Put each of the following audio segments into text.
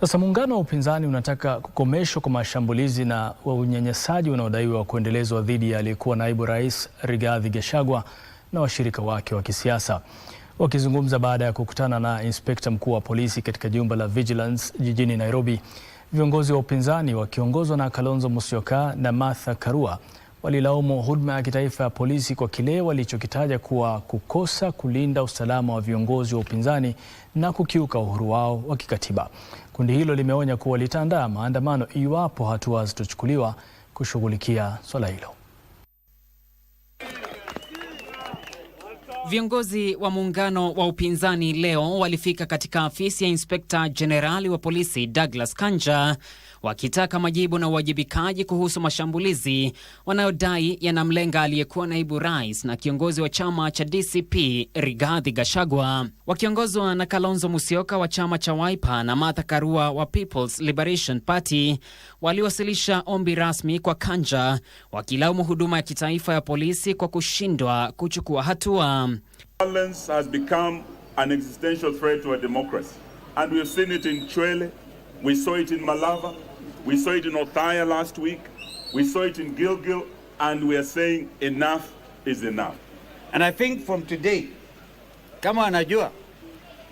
Sasa muungano wa upinzani unataka kukomeshwa kwa mashambulizi na wa unyanyasaji unaodaiwa kuendelezwa dhidi ya aliyekuwa naibu rais Rigathi Gachagua na washirika wake wa kisiasa. Wakizungumza baada ya kukutana na inspekta mkuu wa polisi katika jumba la Vigilance jijini Nairobi, viongozi wa upinzani wakiongozwa na Kalonzo Musyoka na Martha Karua walilaumu huduma ya kitaifa ya polisi kwa kile walichokitaja kuwa kukosa kulinda usalama wa viongozi wa upinzani na kukiuka uhuru wao wa kikatiba. Kundi hilo limeonya kuwa litaandaa maandamano iwapo hatua zitochukuliwa kushughulikia swala hilo. Viongozi wa muungano wa upinzani leo walifika katika afisi ya inspekta jenerali wa polisi Douglas Kanja wakitaka majibu na uwajibikaji kuhusu mashambulizi wanayodai yanamlenga aliyekuwa naibu rais na kiongozi wa chama cha DCP Rigathi Gachagua. Wakiongozwa na Kalonzo Musyoka wa chama cha Wiper na Martha Karua wa People's Liberation Party waliwasilisha ombi rasmi kwa Kanja wakilaumu huduma ya kitaifa ya polisi kwa kushindwa kuchukua hatua. violence has become an existential threat to a democracy. And we've seen it in Chile, we saw it in Malava, we saw it in Othaya last week, we saw it in Gilgil, and we are saying enough is enough. And I think from today, come on, Ajua,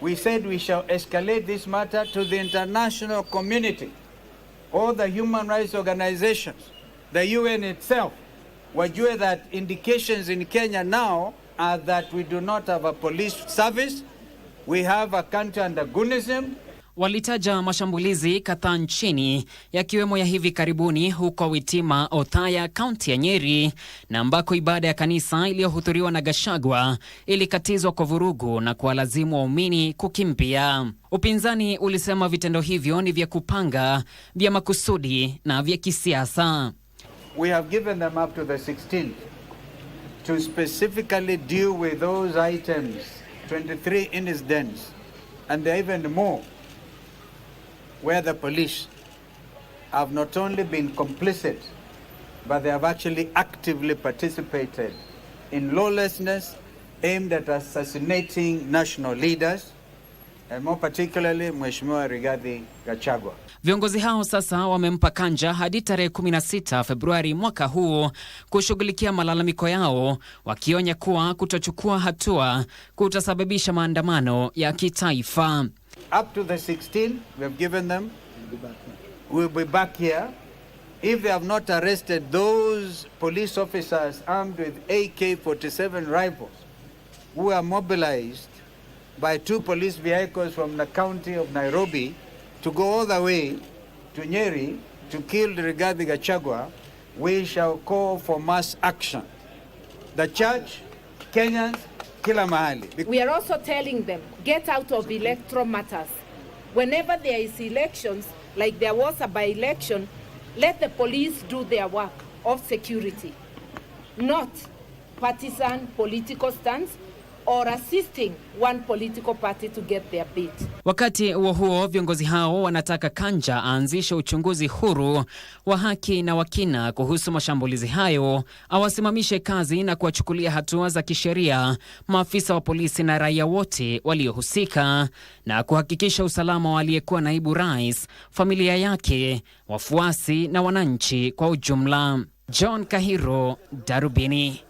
we said we shall escalate this matter to the international community, all the human rights organizations, the UN itself, We are that indications in Kenya now are that we do not have a police service. We have a country under Gunism. Walitaja mashambulizi kadhaa nchini yakiwemo ya hivi karibuni huko Witima, Othaya, kaunti ya Nyeri na ambako ibada ya kanisa iliyohudhuriwa na gashagwa ilikatizwa kwa vurugu na kuwalazimu waumini kukimbia. Upinzani ulisema vitendo hivyo ni vya kupanga, vya makusudi na vya kisiasa. We have given them up to the 16th. to specifically deal with those items, 23 incidents, and even more, where the police have not only been complicit, but they have actually actively participated in lawlessness aimed at assassinating national leaders, Eh, more particularly Mheshimiwa Rigathi Gachagua. Viongozi hao sasa wamempa kanja hadi tarehe 16 Februari mwaka huu kushughulikia malalamiko yao, wakionya kuwa kutochukua hatua kutasababisha maandamano ya kitaifa. Up to the 16, we have given them. We'll be back here. If they have not arrested those police officers armed with AK-47 rifles who are mobilized by two police vehicles from the county of Nairobi to go all the way to Nyeri to kill Rigathi Gachagua, we shall call for mass action. The church, Kenyans, kila mahali. We are also telling them, get out of electoral matters. Whenever there is elections, like there was a by-election, let the police do their work of security, not partisan political stance, or assisting one political party to get their bid. Wakati huo huo, viongozi hao wanataka Kanja aanzishe uchunguzi huru wa haki na wakina kuhusu mashambulizi hayo, awasimamishe kazi na kuwachukulia hatua za kisheria maafisa wa polisi na raia wote waliohusika, na kuhakikisha usalama wa aliyekuwa naibu rais, familia yake, wafuasi na wananchi kwa ujumla. John Kahiro, Darubini.